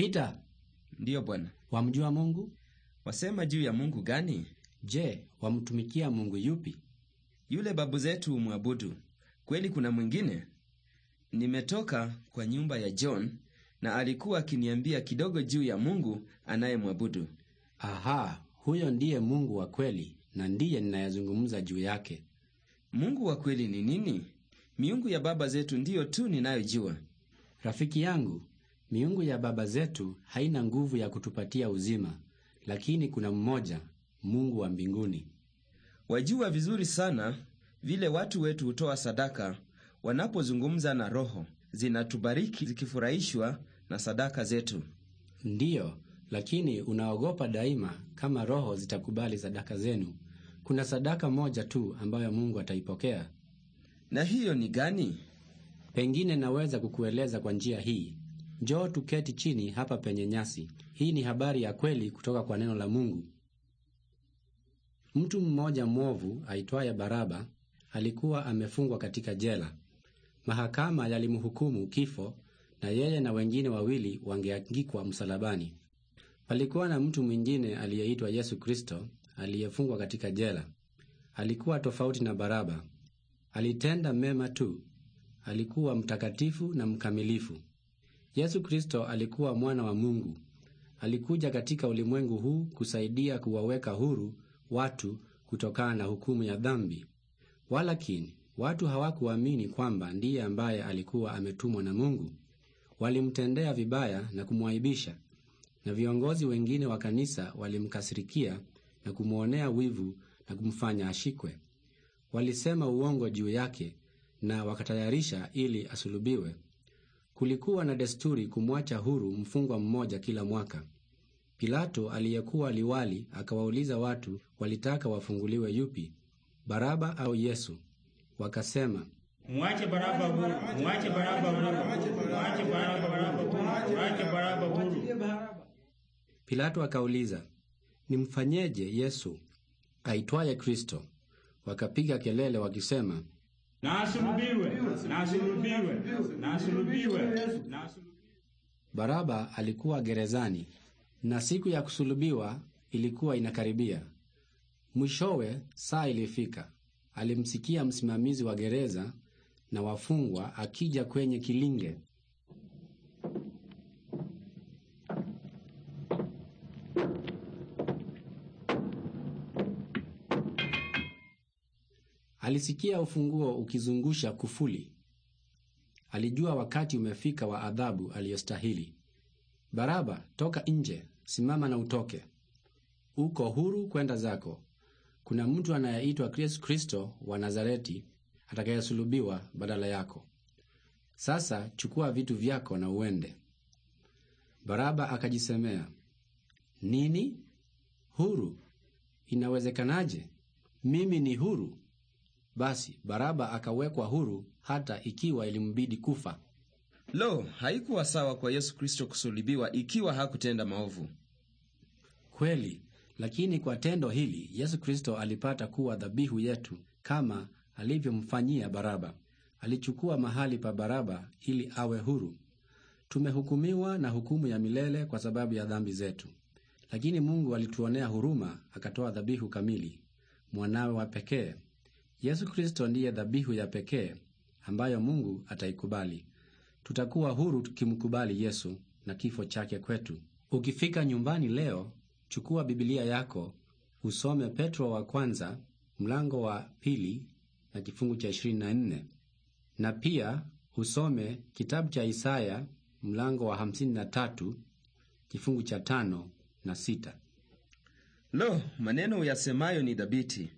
Peter, ndiyo Bwana. Wamjua Mungu? Wasema juu ya Mungu gani? Je, wamtumikia Mungu yupi? Yule babu zetu umwabudu Kweli kuna mwingine? Nimetoka kwa nyumba ya John na alikuwa akiniambia kidogo juu ya Mungu anayemwabudu. Aha, huyo ndiye Mungu wa kweli na ndiye ninayazungumza juu yake. Mungu wa kweli ni nini? Miungu ya baba zetu ndiyo tu ninayojua. Rafiki yangu, Miungu ya baba zetu haina nguvu ya kutupatia uzima, lakini kuna mmoja, Mungu wa mbinguni. Wajua vizuri sana vile watu wetu hutoa sadaka wanapozungumza na Roho, zinatubariki zikifurahishwa na sadaka zetu. Ndiyo, lakini unaogopa daima kama Roho zitakubali sadaka zenu. Kuna sadaka moja tu ambayo Mungu ataipokea. Na hiyo ni gani? Pengine naweza kukueleza kwa njia hii. Njoo tuketi chini hapa penye nyasi. Hii ni habari ya kweli kutoka kwa neno la Mungu. Mtu mmoja mwovu aitwaye Baraba alikuwa amefungwa katika jela. Mahakama yalimhukumu kifo, na yeye na wengine wawili wangeangikwa msalabani. Palikuwa na mtu mwingine aliyeitwa Yesu Kristo aliyefungwa katika jela. Alikuwa tofauti na Baraba. Alitenda mema tu. Alikuwa mtakatifu na mkamilifu. Yesu Kristo alikuwa mwana wa Mungu. Alikuja katika ulimwengu huu kusaidia kuwaweka huru watu kutokana na hukumu ya dhambi. Walakini watu hawakuamini kwamba ndiye ambaye alikuwa ametumwa na Mungu. Walimtendea vibaya na kumwaibisha, na viongozi wengine wa kanisa walimkasirikia na kumwonea wivu na kumfanya ashikwe. Walisema uongo juu yake na wakatayarisha ili asulubiwe. Kulikuwa na desturi kumwacha huru mfungwa mmoja kila mwaka. Pilato aliyekuwa liwali akawauliza watu walitaka wafunguliwe yupi, Baraba au Yesu? Wakasema, mwache Baraba huru, mwache Baraba huru, mwache Baraba huru, mwache Baraba huru. Pilato akauliza, nimfanyeje Yesu aitwaye Kristo? Wakapiga kelele wakisema na asulubiwe, na asulubiwe, na asulubiwe. Baraba alikuwa gerezani na siku ya kusulubiwa ilikuwa inakaribia. Mwishowe saa ilifika, alimsikia msimamizi wa gereza na wafungwa akija kwenye kilinge Alisikia ufunguo ukizungusha kufuli. Alijua wakati umefika wa adhabu aliyostahili. Baraba, toka nje, simama na utoke. Uko huru kwenda zako. Kuna mtu anayeitwa Kristo wa Nazareti atakayesulubiwa badala yako. Sasa chukua vitu vyako na uende. Baraba akajisemea, nini? Huru? Inawezekanaje? Mimi ni huru. Basi Baraba akawekwa huru hata ikiwa ilimbidi kufa. Lo, haikuwa sawa kwa Yesu Kristo kusulibiwa ikiwa hakutenda maovu. Kweli, lakini kwa tendo hili Yesu Kristo alipata kuwa dhabihu yetu kama alivyomfanyia Baraba. Alichukua mahali pa Baraba ili awe huru. Tumehukumiwa na hukumu ya milele kwa sababu ya dhambi zetu, lakini Mungu alituonea huruma, akatoa dhabihu kamili, mwanawe wa pekee Yesu Kristo ndiye dhabihu ya pekee ambayo Mungu ataikubali. Tutakuwa huru tukimkubali Yesu na kifo chake kwetu. Ukifika nyumbani leo, chukua Biblia yako usome Petro wa kwanza mlango wa pili na kifungu cha 24 na pia usome kitabu cha Isaya mlango wa 53 kifungu cha tano na sita. Lo, maneno yasemayo ni dhabiti.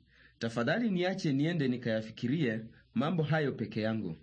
Tafadhali niache niende nikayafikirie mambo hayo peke yangu.